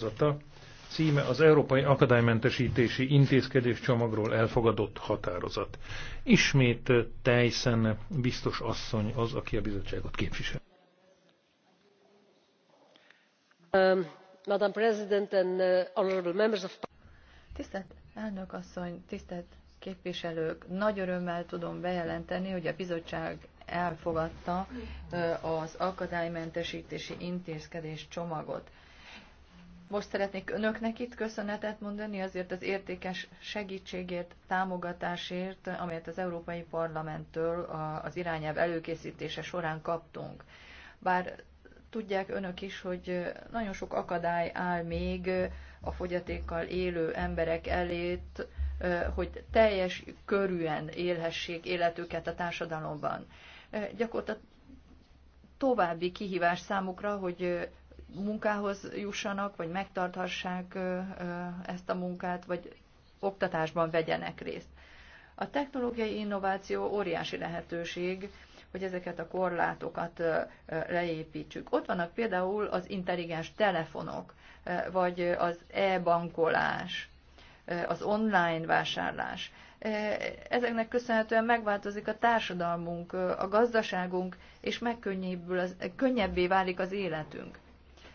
határozata, Címe az Európai Akadálymentesítési Intézkedés Csomagról elfogadott határozat. Ismét Tejszen biztos asszony az, aki a bizottságot képvisel. Um, Madam President and uh, honorable members of Tisztelt elnök asszony, tisztelt képviselők, nagy örömmel tudom bejelenteni, hogy a bizottság elfogadta uh, az akadálymentesítési intézkedés csomagot. Most szeretnék önöknek itt köszönetet mondani azért az értékes segítségért, támogatásért, amelyet az Európai Parlamenttől az irányelv előkészítése során kaptunk. Bár tudják önök is, hogy nagyon sok akadály áll még a fogyatékkal élő emberek elét, hogy teljes körűen élhessék életüket a társadalomban. Gyakorlatilag további kihívás számukra, hogy munkához jussanak, vagy megtarthassák ezt a munkát, vagy oktatásban vegyenek részt. A technológiai innováció óriási lehetőség, hogy ezeket a korlátokat leépítsük. Ott vannak például az intelligens telefonok, vagy az e-bankolás, az online vásárlás. Ezeknek köszönhetően megváltozik a társadalmunk, a gazdaságunk, és megkönnyebbé válik az életünk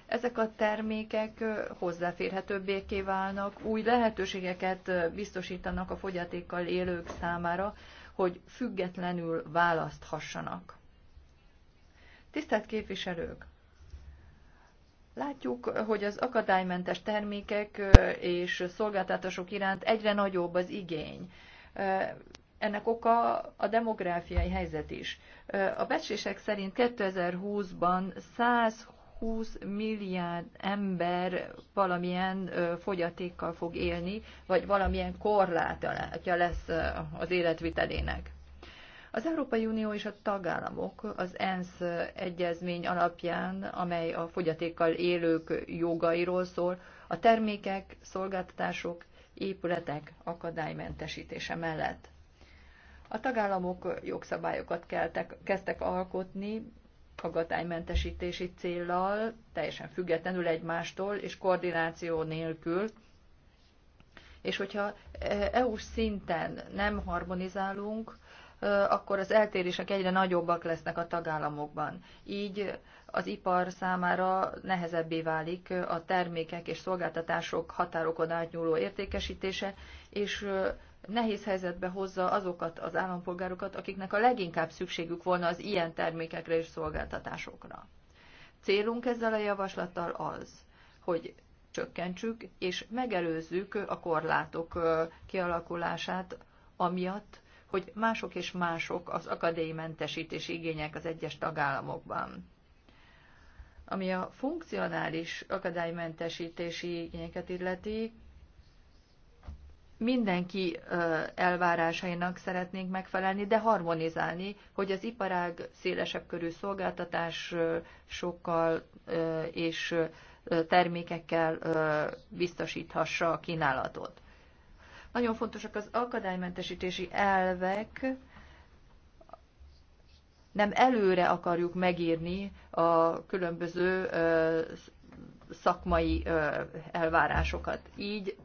ezek a termékek hozzáférhetőbbé válnak, új lehetőségeket biztosítanak a fogyatékkal élők számára, hogy függetlenül választhassanak. Tisztelt képviselők! Látjuk, hogy az akadálymentes termékek és szolgáltatások iránt egyre nagyobb az igény. Ennek oka a demográfiai helyzet is. A becsések szerint 2020-ban 120 20 milliárd ember valamilyen fogyatékkal fog élni, vagy valamilyen korlátja lesz az életvitelének. Az Európai Unió és a tagállamok az ENSZ egyezmény alapján, amely a fogyatékkal élők jogairól szól, a termékek, szolgáltatások, épületek akadálymentesítése mellett. A tagállamok jogszabályokat keltek, kezdtek alkotni agatálymentesítési céllal, teljesen függetlenül egymástól és koordináció nélkül. És hogyha e, EU-s szinten nem harmonizálunk, e, akkor az eltérések egyre nagyobbak lesznek a tagállamokban. Így az ipar számára nehezebbé válik a termékek és szolgáltatások határokon átnyúló értékesítése, és e, nehéz helyzetbe hozza azokat az állampolgárokat, akiknek a leginkább szükségük volna az ilyen termékekre és szolgáltatásokra. Célunk ezzel a javaslattal az, hogy csökkentsük és megelőzzük a korlátok kialakulását, amiatt, hogy mások és mások az akadálymentesítés igények az egyes tagállamokban. Ami a funkcionális akadálymentesítési igényeket illeti, mindenki elvárásainak szeretnénk megfelelni, de harmonizálni, hogy az iparág szélesebb körű szolgáltatás sokkal és termékekkel biztosíthassa a kínálatot. Nagyon fontosak az akadálymentesítési elvek, nem előre akarjuk megírni a különböző szakmai elvárásokat. Így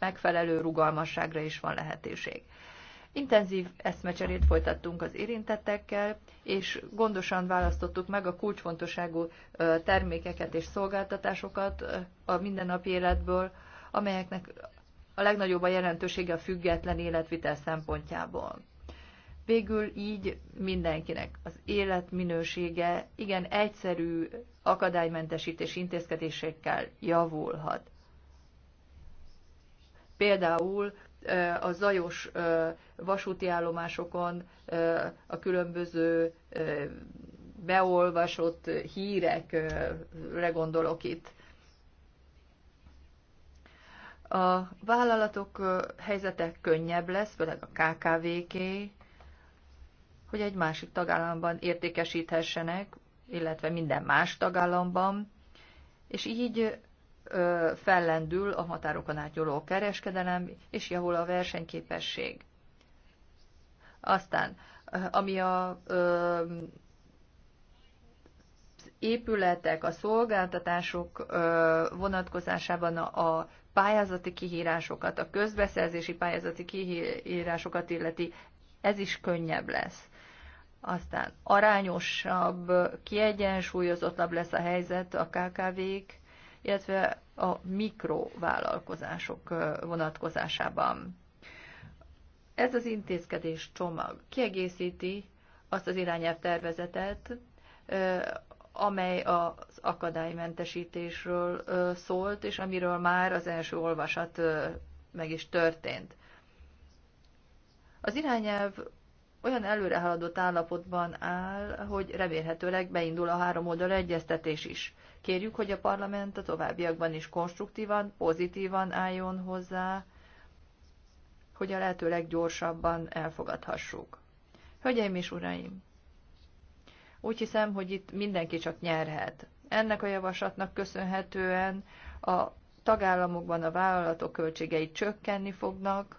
megfelelő rugalmasságra is van lehetőség. Intenzív eszmecserét folytattunk az érintettekkel, és gondosan választottuk meg a kulcsfontosságú termékeket és szolgáltatásokat a mindennapi életből, amelyeknek a legnagyobb a jelentősége a független életvitel szempontjából. Végül így mindenkinek az életminősége igen egyszerű akadálymentesítés intézkedésekkel javulhat például a zajos vasúti állomásokon a különböző beolvasott hírekre gondolok itt. A vállalatok helyzete könnyebb lesz, főleg a KKV-ké, hogy egy másik tagállamban értékesíthessenek, illetve minden más tagállamban, és így fellendül a határokon átnyúló kereskedelem, és javul a versenyképesség. Aztán, ami a ö, épületek, a szolgáltatások ö, vonatkozásában a, a pályázati kihírásokat, a közbeszerzési pályázati kihírásokat illeti, ez is könnyebb lesz. Aztán arányosabb, kiegyensúlyozottabb lesz a helyzet a KKV-k illetve a mikrovállalkozások vonatkozásában. Ez az intézkedés csomag kiegészíti azt az irányelv tervezetet, amely az akadálymentesítésről szólt, és amiről már az első olvasat meg is történt. Az irányelv olyan haladott állapotban áll, hogy remélhetőleg beindul a három oldal egyeztetés is. Kérjük, hogy a parlament a továbbiakban is konstruktívan, pozitívan álljon hozzá, hogy a lehető leggyorsabban elfogadhassuk. Hölgyeim és uraim! Úgy hiszem, hogy itt mindenki csak nyerhet. Ennek a javaslatnak köszönhetően a tagállamokban a vállalatok költségei csökkenni fognak,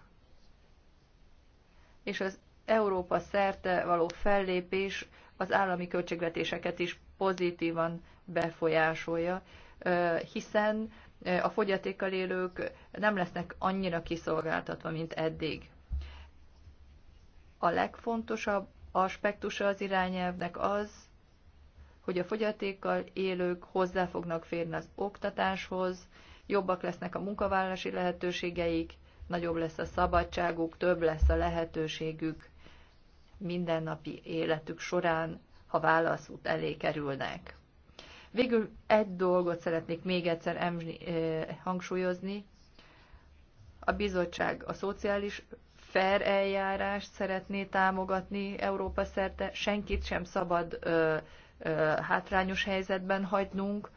és az Európa szerte való fellépés az állami költségvetéseket is pozitívan befolyásolja, hiszen a fogyatékkal élők nem lesznek annyira kiszolgáltatva, mint eddig. A legfontosabb aspektusa az irányelvnek az, hogy a fogyatékkal élők hozzá fognak férni az oktatáshoz, jobbak lesznek a munkavállalási lehetőségeik, nagyobb lesz a szabadságuk, több lesz a lehetőségük mindennapi életük során, ha válaszút elé kerülnek. Végül egy dolgot szeretnék még egyszer eh, hangsúlyozni. A bizottság a szociális fair eljárást szeretné támogatni Európa szerte. Senkit sem szabad eh, eh, hátrányos helyzetben hagynunk.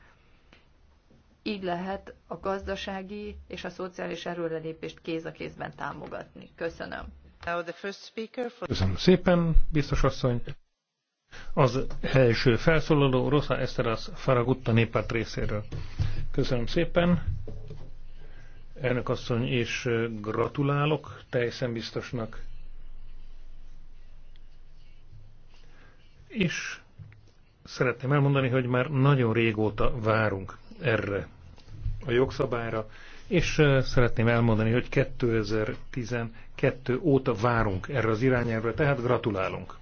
Így lehet a gazdasági és a szociális erőrelépést kéz a kézben támogatni. Köszönöm. Köszönöm szépen, biztos asszony. Az első felszólaló Rosa Esteras Faragutta néppárt részéről. Köszönöm szépen, elnök asszony, és gratulálok teljesen biztosnak. És szeretném elmondani, hogy már nagyon régóta várunk erre a jogszabályra, és szeretném elmondani, hogy 2012 óta várunk erre az irányelvre, tehát gratulálunk.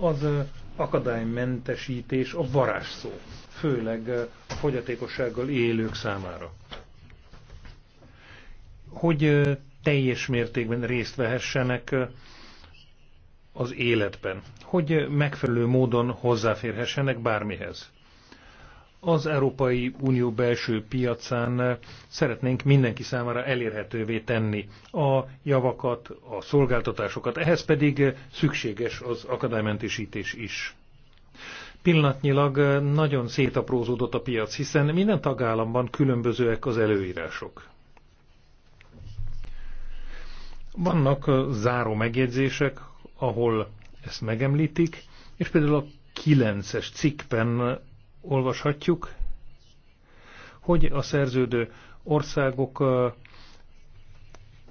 Az akadálymentesítés a varázsszó, főleg a fogyatékossággal élők számára. Hogy teljes mértékben részt vehessenek az életben, hogy megfelelő módon hozzáférhessenek bármihez az Európai Unió belső piacán szeretnénk mindenki számára elérhetővé tenni a javakat, a szolgáltatásokat, ehhez pedig szükséges az akadálymentesítés is. Pillanatnyilag nagyon szétaprózódott a piac, hiszen minden tagállamban különbözőek az előírások. Vannak záró megjegyzések, ahol ezt megemlítik, és például a 9-es cikkben olvashatjuk, hogy a szerződő országok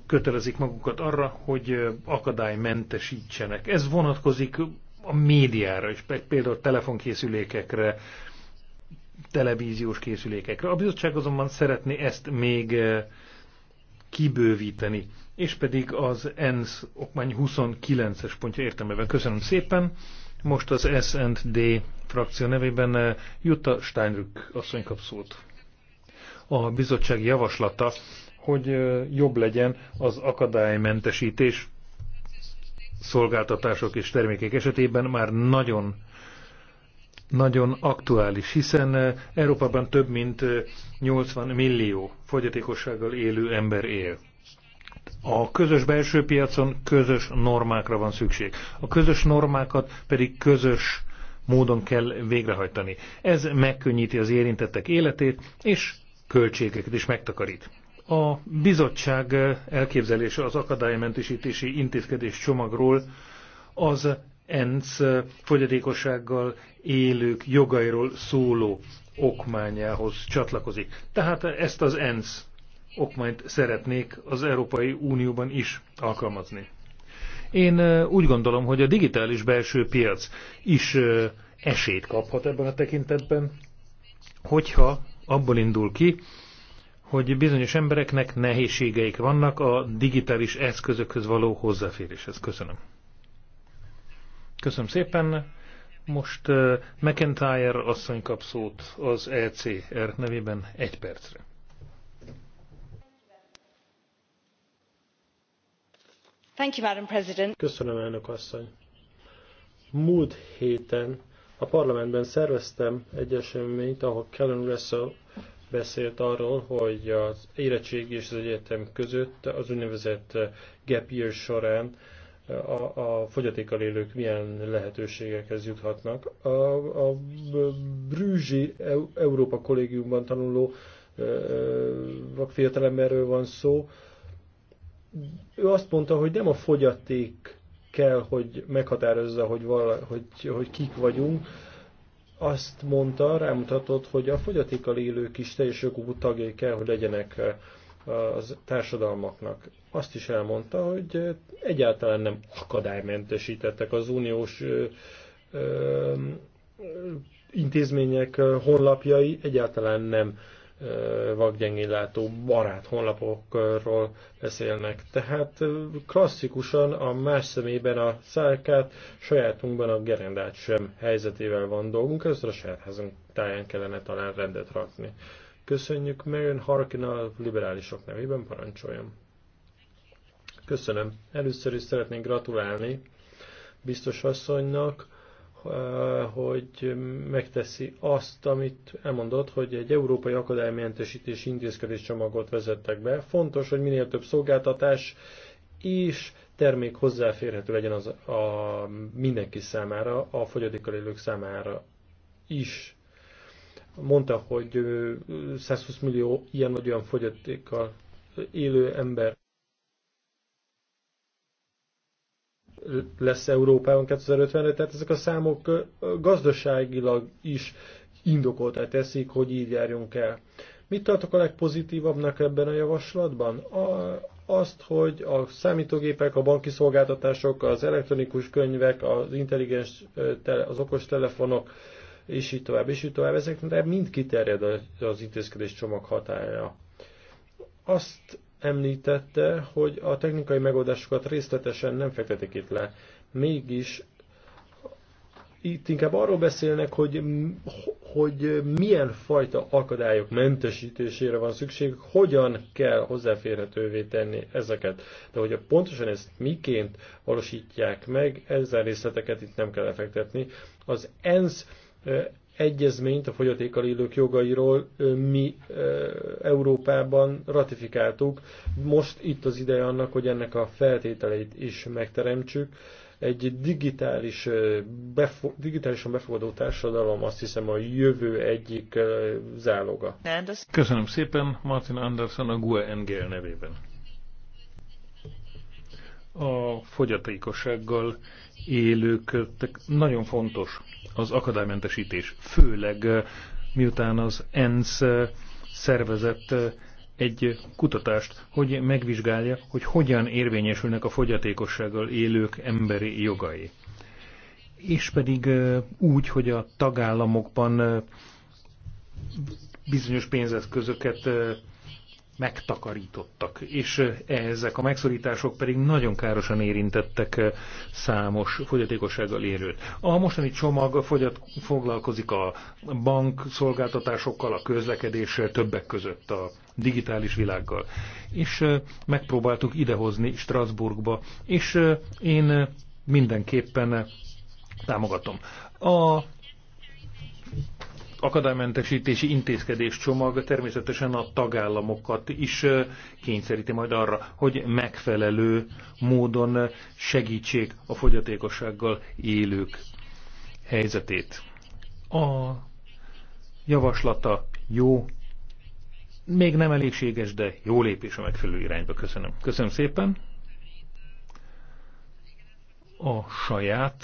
kötelezik magukat arra, hogy akadálymentesítsenek. Ez vonatkozik a médiára is, például telefonkészülékekre, televíziós készülékekre. A bizottság azonban szeretné ezt még kibővíteni, és pedig az ENSZ okmány 29-es pontja értelmeben. Köszönöm szépen. Most az S&D frakció nevében eh, Jutta Steinrück asszony kap szót. A bizottság javaslata, hogy eh, jobb legyen az akadálymentesítés szolgáltatások és termékek esetében már nagyon nagyon aktuális, hiszen eh, Európában több mint 80 millió fogyatékossággal élő ember él. A közös belső piacon közös normákra van szükség. A közös normákat pedig közös módon kell végrehajtani. Ez megkönnyíti az érintettek életét, és költségeket is megtakarít. A bizottság elképzelése az akadálymentesítési intézkedés csomagról az ENSZ fogyatékossággal élők jogairól szóló okmányához csatlakozik. Tehát ezt az ENSZ okmányt szeretnék az Európai Unióban is alkalmazni. Én úgy gondolom, hogy a digitális belső piac is esélyt kaphat ebben a tekintetben, hogyha abból indul ki, hogy bizonyos embereknek nehézségeik vannak a digitális eszközökhöz való hozzáféréshez. Köszönöm. Köszönöm szépen. Most McIntyre asszony kap szót az ECR nevében egy percre. Köszönöm, elnök asszony. Múlt héten a parlamentben szerveztem egy eseményt, ahol Kellen Russell beszélt arról, hogy az érettség és az egyetem között az úgynevezett gap year során a, a fogyatékkal élők milyen lehetőségekhez juthatnak. A, a Brüzsi Európa Kollégiumban tanuló fiatalemberről van szó, ő azt mondta, hogy nem a fogyaték kell, hogy meghatározza, hogy, vala, hogy, hogy kik vagyunk. Azt mondta, rámutatott, hogy a fogyatékkal élők is teljes jogú tagjai kell, hogy legyenek eh, az társadalmaknak. Azt is elmondta, hogy eh, egyáltalán nem akadálymentesítettek az uniós eh, intézmények honlapjai, egyáltalán nem látó barát honlapokról beszélnek. Tehát klasszikusan a más szemében a szárkát, sajátunkban a gerendát sem helyzetével van dolgunk, ezt a saját házunk táján kellene talán rendet rakni. Köszönjük Marion Harkin a liberálisok nevében, parancsoljon. Köszönöm. Először is szeretnék gratulálni biztos asszonynak Eh, hogy megteszi azt, amit elmondott, hogy egy európai akadálymentesítési intézkedés csomagot vezettek be. Fontos, hogy minél több szolgáltatás és termék hozzáférhető legyen az a mindenki számára, a fogyatékkal élők számára is. Mondta, hogy 120 millió ilyen olyan fogyatékkal élő ember lesz Európában 2050-re, tehát ezek a számok gazdaságilag is indokolt, teszik, hogy így járjunk el. Mit tartok a legpozitívabbnak ebben a javaslatban? A, azt, hogy a számítógépek, a banki szolgáltatások, az elektronikus könyvek, az intelligens, az okos telefonok, és így tovább, és így tovább, ezek mind kiterjed az intézkedés csomag hatája. Azt említette, hogy a technikai megoldásokat részletesen nem fektetik itt le. Mégis itt inkább arról beszélnek, hogy, hogy milyen fajta akadályok mentesítésére van szükség, hogyan kell hozzáférhetővé tenni ezeket. De hogy pontosan ezt miként valósítják meg, ezzel részleteket itt nem kell lefektetni. Az ENSZ eh, egyezményt a fogyatékkal élők jogairól mi Európában ratifikáltuk. Most itt az ideje annak, hogy ennek a feltételeit is megteremtsük. Egy digitális, befo digitálisan befogadó társadalom azt hiszem a jövő egyik záloga. Köszönöm szépen Martin Anderson a GUE NGL nevében a fogyatékossággal élők nagyon fontos az akadálymentesítés, főleg eh, miután az ENSZ eh, szervezett eh, egy kutatást, hogy megvizsgálja, hogy hogyan érvényesülnek a fogyatékossággal élők emberi jogai. És pedig úgy, hogy a tagállamokban bizonyos pénzeszközöket megtakarítottak, és ezek a megszorítások pedig nagyon károsan érintettek számos fogyatékossággal érőt. A mostani csomag fogyat, foglalkozik a bank szolgáltatásokkal, a közlekedéssel, többek között a digitális világgal. És megpróbáltuk idehozni Strasbourgba, és én mindenképpen támogatom. A akadálymentesítési intézkedés csomag természetesen a tagállamokat is kényszeríti majd arra, hogy megfelelő módon segítsék a fogyatékossággal élők helyzetét. A javaslata jó, még nem elégséges, de jó lépés a megfelelő irányba. Köszönöm. Köszönöm szépen. A saját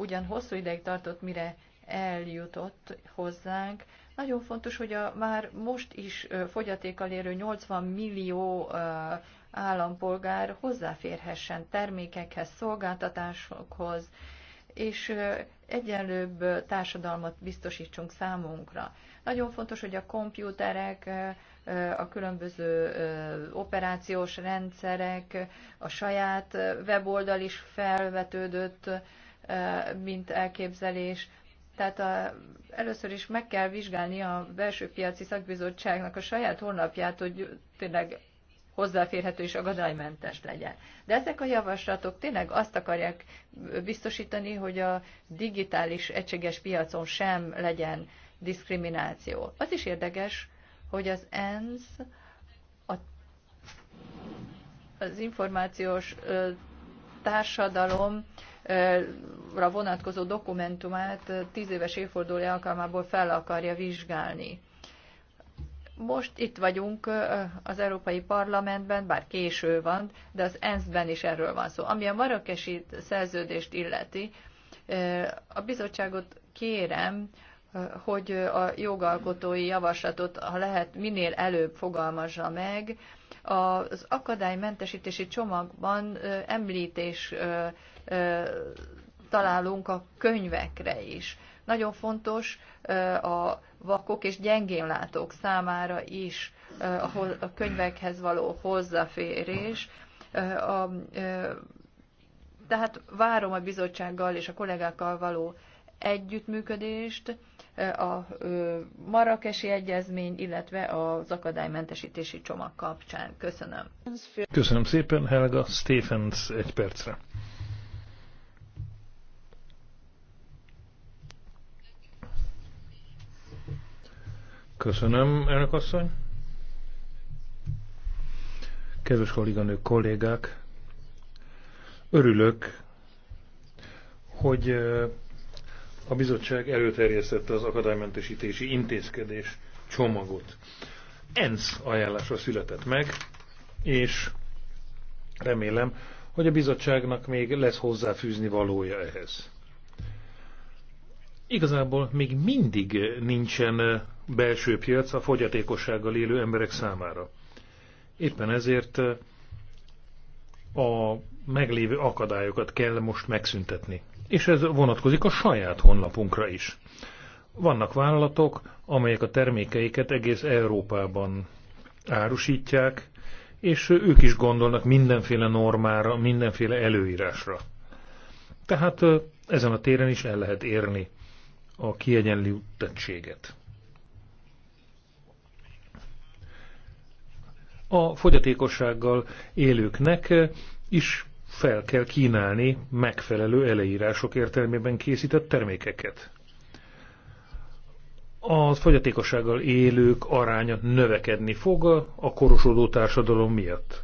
ugyan hosszú ideig tartott, mire eljutott hozzánk. Nagyon fontos, hogy a már most is fogyatékkal érő 80 millió állampolgár hozzáférhessen termékekhez, szolgáltatásokhoz, és egyenlőbb társadalmat biztosítsunk számunkra. Nagyon fontos, hogy a komputerek, a különböző operációs rendszerek, a saját weboldal is felvetődött, mint elképzelés. Tehát a, először is meg kell vizsgálni a belső piaci szakbizottságnak a saját honlapját, hogy tényleg hozzáférhető és agadálymentes legyen. De ezek a javaslatok tényleg azt akarják biztosítani, hogy a digitális egységes piacon sem legyen diszkrimináció. Az is érdekes, hogy az ENSZ a, az információs ö, társadalom ra vonatkozó dokumentumát tíz éves évfordulója alkalmából fel akarja vizsgálni. Most itt vagyunk az Európai Parlamentben, bár késő van, de az ENSZ-ben is erről van szó. Ami a marakesi szerződést illeti, a bizottságot kérem, hogy a jogalkotói javaslatot, ha lehet, minél előbb fogalmazza meg, az akadálymentesítési csomagban említés találunk a könyvekre is. Nagyon fontos a vakok és gyengénlátók számára is a könyvekhez való hozzáférés. A, tehát várom a bizottsággal és a kollégákkal való együttműködést, eh, a Marrakesi Egyezmény, illetve az akadálymentesítési csomag kapcsán. Köszönöm. Köszönöm szépen, Helga. Stephens egy percre. Köszönöm, elnök asszony. Kedves kolléganők, kollégák, örülök, hogy a bizottság előterjesztette az akadálymentesítési intézkedés csomagot. ENSZ ajánlásra született meg, és remélem, hogy a bizottságnak még lesz hozzáfűzni valója ehhez. Igazából még mindig nincsen belső piac a fogyatékossággal élő emberek számára. Éppen ezért a meglévő akadályokat kell most megszüntetni és ez vonatkozik a saját honlapunkra is. Vannak vállalatok, amelyek a termékeiket egész Európában árusítják, és ők is gondolnak mindenféle normára, mindenféle előírásra. Tehát ezen a téren is el lehet érni a kiegyenlítettséget. A fogyatékossággal élőknek is fel kell kínálni megfelelő eleírások értelmében készített termékeket. A fogyatékossággal élők aránya növekedni fog a korosodó társadalom miatt.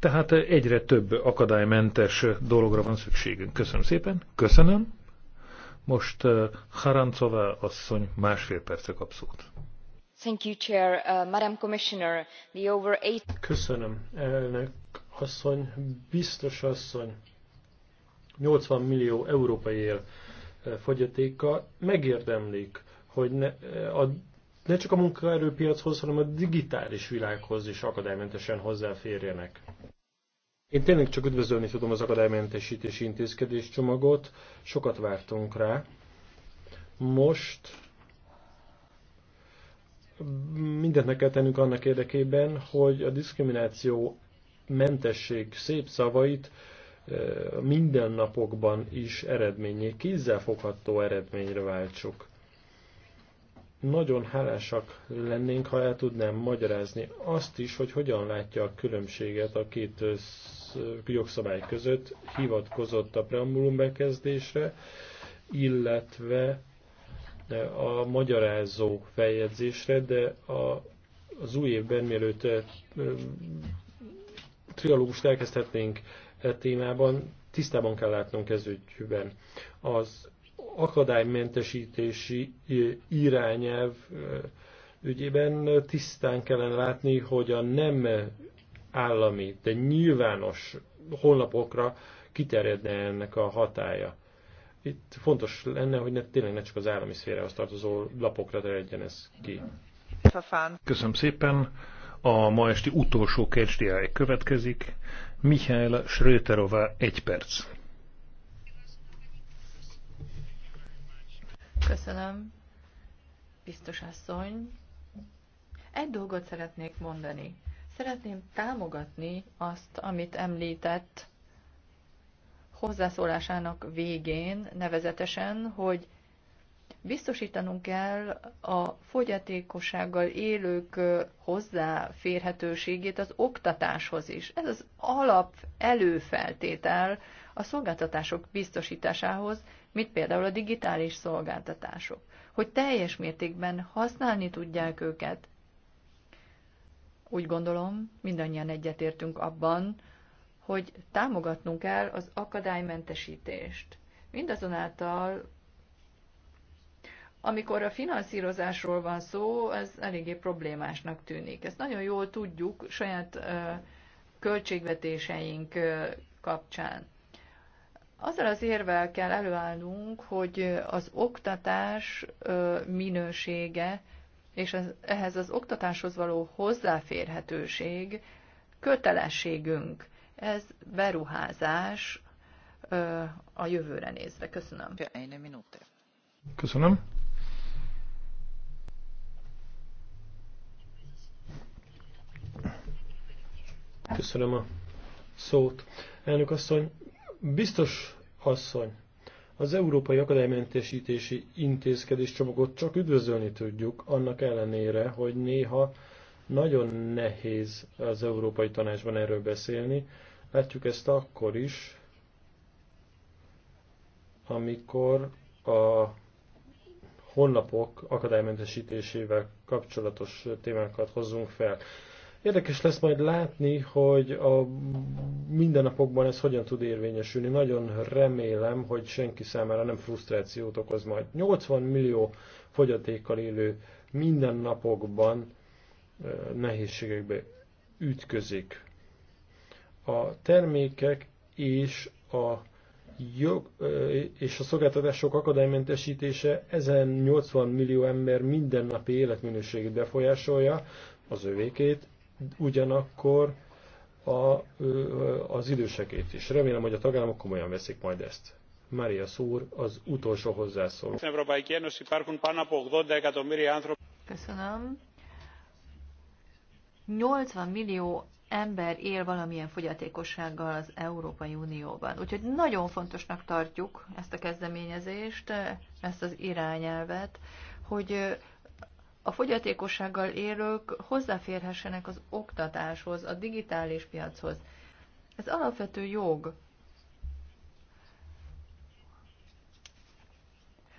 Tehát egyre több akadálymentes dologra van szükségünk. Köszönöm szépen. Köszönöm. Most uh, Harancová asszony másfél perce kap szót. Thank you, Chair. Uh, Madam Commissioner, the over eight... Köszönöm, elnök asszony, biztos asszony, 80 millió európai él e, fogyatéka, megérdemlik, hogy ne, e, a, ne csak a munkaerőpiachoz, hanem a digitális világhoz is akadálymentesen hozzáférjenek. Én tényleg csak üdvözölni tudom az akadálymentesítési intézkedés csomagot, sokat vártunk rá. Most mindent meg kell tennünk annak érdekében, hogy a diszkrimináció mentesség szép szavait mindennapokban is eredményé, kézzelfogható eredményre váltsuk. Nagyon hálásak lennénk, ha el tudnám magyarázni azt is, hogy hogyan látja a különbséget a két jogszabály között, hivatkozott a preambulum bekezdésre, illetve a magyarázó feljegyzésre, de a, az új évben, mielőtt trialógust elkezdhetnénk e témában, tisztában kell látnunk ez Az akadálymentesítési e, irányelv e, ügyében tisztán kellene látni, hogy a nem állami, de nyilvános honlapokra kiterjedne ennek a hatája. Itt fontos lenne, hogy ne, tényleg ne csak az állami szférához tartozó lapokra terjedjen ez ki. Köszönöm szépen. A ma esti utolsó KSDI következik. Mihály Schröterová egy perc. Köszönöm, biztos asszony. Egy dolgot szeretnék mondani. Szeretném támogatni azt, amit említett hozzászólásának végén, nevezetesen, hogy Biztosítanunk kell a fogyatékossággal élők hozzáférhetőségét az oktatáshoz is. Ez az alap előfeltétel a szolgáltatások biztosításához, mint például a digitális szolgáltatások, hogy teljes mértékben használni tudják őket. Úgy gondolom, mindannyian egyetértünk abban, hogy támogatnunk kell az akadálymentesítést. Mindazonáltal amikor a finanszírozásról van szó, ez eléggé problémásnak tűnik. Ezt nagyon jól tudjuk saját költségvetéseink kapcsán. Azzal az érvel kell előállnunk, hogy az oktatás minősége és az, ehhez az oktatáshoz való hozzáférhetőség kötelességünk. Ez beruházás a jövőre nézve. Köszönöm. Köszönöm. Köszönöm a szót. Elnök asszony, biztos asszony, az Európai Akadálymentesítési Intézkedés csomagot csak üdvözölni tudjuk, annak ellenére, hogy néha nagyon nehéz az Európai Tanácsban erről beszélni. Látjuk ezt akkor is, amikor a honlapok akadálymentesítésével kapcsolatos témákat hozzunk fel. Érdekes lesz majd látni, hogy a mindennapokban ez hogyan tud érvényesülni. Nagyon remélem, hogy senki számára nem frusztrációt okoz majd. 80 millió fogyatékkal élő mindennapokban nehézségekbe ütközik. A termékek és a jog és a szolgáltatások akadálymentesítése ezen 80 millió ember mindennapi életminőségét befolyásolja, az övékét ugyanakkor a, az idősekét is. Remélem, hogy a tagállamok komolyan veszik majd ezt. Maria Szúr, az utolsó hozzászóló. Köszönöm. 80 millió ember él valamilyen fogyatékossággal az Európai Unióban. Úgyhogy nagyon fontosnak tartjuk ezt a kezdeményezést, ezt az irányelvet, hogy a fogyatékossággal élők hozzáférhessenek az oktatáshoz, a digitális piachoz. Ez alapvető jog.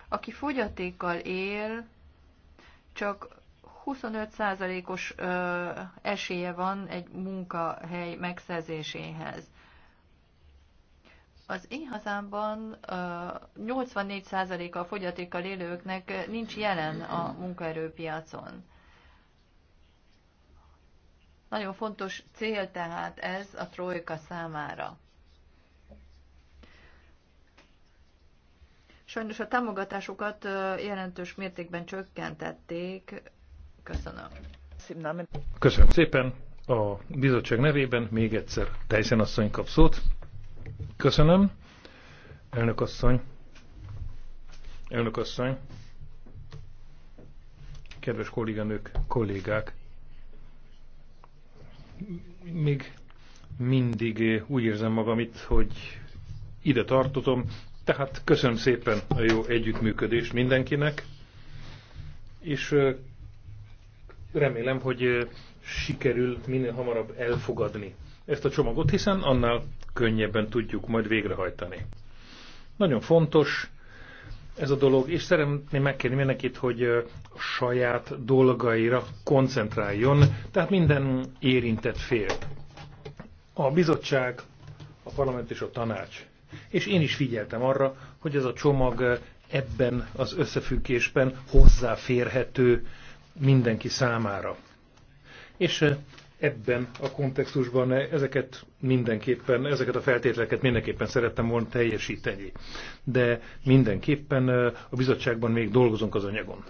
Aki fogyatékkal él, csak 25%-os esélye van egy munkahely megszerzéséhez. Az én hazámban 84%-a a fogyatékkal élőknek nincs jelen a munkaerőpiacon. Nagyon fontos cél tehát ez a trojka számára. Sajnos a támogatásokat jelentős mértékben csökkentették. Köszönöm. Köszönöm szépen. A bizottság nevében még egyszer Tejszen asszony kap szót. Köszönöm. Elnök asszony. Elnök asszony. Kedves kolléganők, kollégák. Még mindig úgy érzem magam itt, hogy ide tartotom. Tehát köszönöm szépen a jó együttműködést mindenkinek, és remélem, hogy sikerül minél hamarabb elfogadni ezt a csomagot, hiszen annál könnyebben tudjuk majd végrehajtani. Nagyon fontos ez a dolog, és szeretném megkérni mindenkit, hogy a saját dolgaira koncentráljon, tehát minden érintett fél. A bizottság, a parlament és a tanács. És én is figyeltem arra, hogy ez a csomag ebben az összefüggésben hozzáférhető mindenki számára. És ebben a kontextusban ezeket mindenképpen, ezeket a feltételeket mindenképpen szerettem volna teljesíteni. De mindenképpen a bizottságban még dolgozunk az anyagon.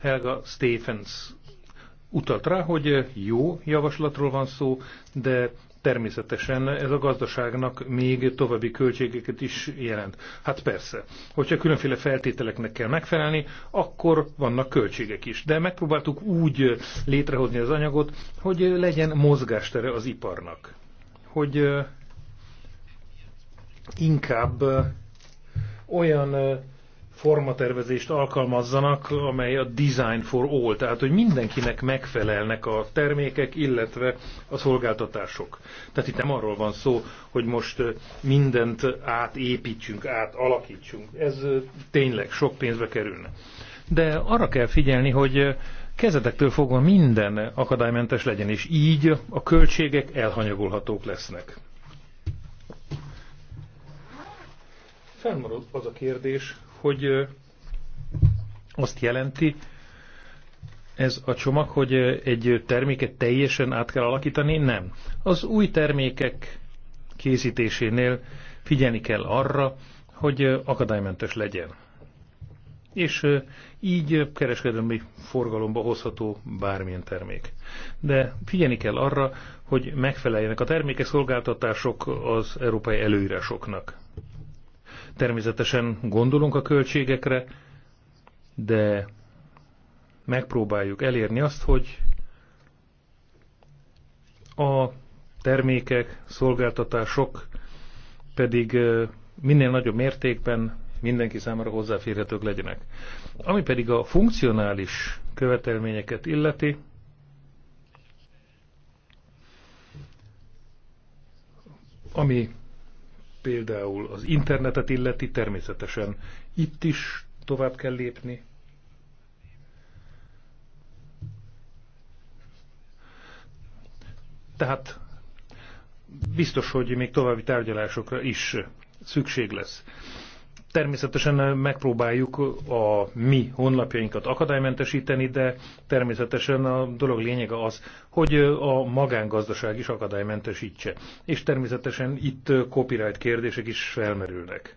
Helga Stephens utalt rá, hogy jó javaslatról van szó, de természetesen ez a gazdaságnak még további költségeket is jelent. Hát persze, hogyha különféle feltételeknek kell megfelelni, akkor vannak költségek is. De megpróbáltuk úgy létrehozni az anyagot, hogy legyen mozgástere az iparnak. Hogy inkább olyan formatervezést alkalmazzanak, amely a design for all, tehát hogy mindenkinek megfelelnek a termékek, illetve a szolgáltatások. Tehát itt nem arról van szó, hogy most mindent átépítsünk, átalakítsunk. Ez tényleg sok pénzbe kerülne. De arra kell figyelni, hogy kezetektől fogva minden akadálymentes legyen, és így a költségek elhanyagolhatók lesznek. Felmarad az a kérdés, hogy azt jelenti ez a csomag, hogy egy terméket teljesen át kell alakítani? Nem. Az új termékek készítésénél figyelni kell arra, hogy akadálymentes legyen. És így kereskedelmi forgalomba hozható bármilyen termék. De figyelni kell arra, hogy megfeleljenek a termékek szolgáltatások az európai előírásoknak. Természetesen gondolunk a költségekre, de megpróbáljuk elérni azt, hogy a termékek, szolgáltatások pedig minél nagyobb mértékben mindenki számára hozzáférhetők legyenek. Ami pedig a funkcionális követelményeket illeti, ami például az internetet illeti, természetesen itt is tovább kell lépni. Tehát biztos, hogy még további tárgyalásokra is szükség lesz. Természetesen megpróbáljuk a mi honlapjainkat akadálymentesíteni, de természetesen a dolog lényege az, hogy a magángazdaság is akadálymentesítse. És természetesen itt copyright kérdések is felmerülnek.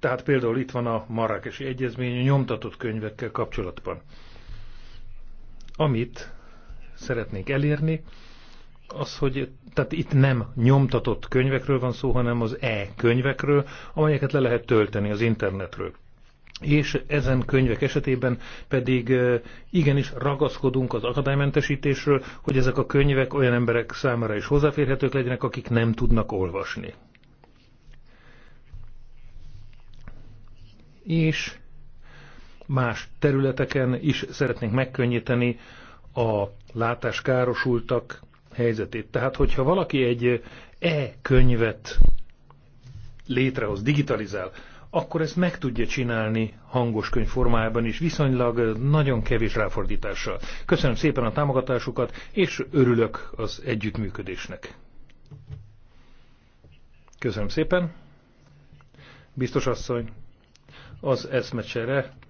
Tehát például itt van a Marrakesi Egyezmény nyomtatott könyvekkel kapcsolatban. Amit szeretnénk elérni, az, hogy tehát itt nem nyomtatott könyvekről van szó, hanem az e-könyvekről, amelyeket le lehet tölteni az internetről. És ezen könyvek esetében pedig igenis ragaszkodunk az akadálymentesítésről, hogy ezek a könyvek olyan emberek számára is hozzáférhetők legyenek, akik nem tudnak olvasni. És más területeken is szeretnénk megkönnyíteni a látáskárosultak helyzetét. Tehát, hogyha valaki egy e-könyvet létrehoz, digitalizál, akkor ezt meg tudja csinálni hangos könyv formájában is, viszonylag nagyon kevés ráfordítással. Köszönöm szépen a támogatásukat, és örülök az együttműködésnek. Köszönöm szépen. Biztos asszony, az eszmecsere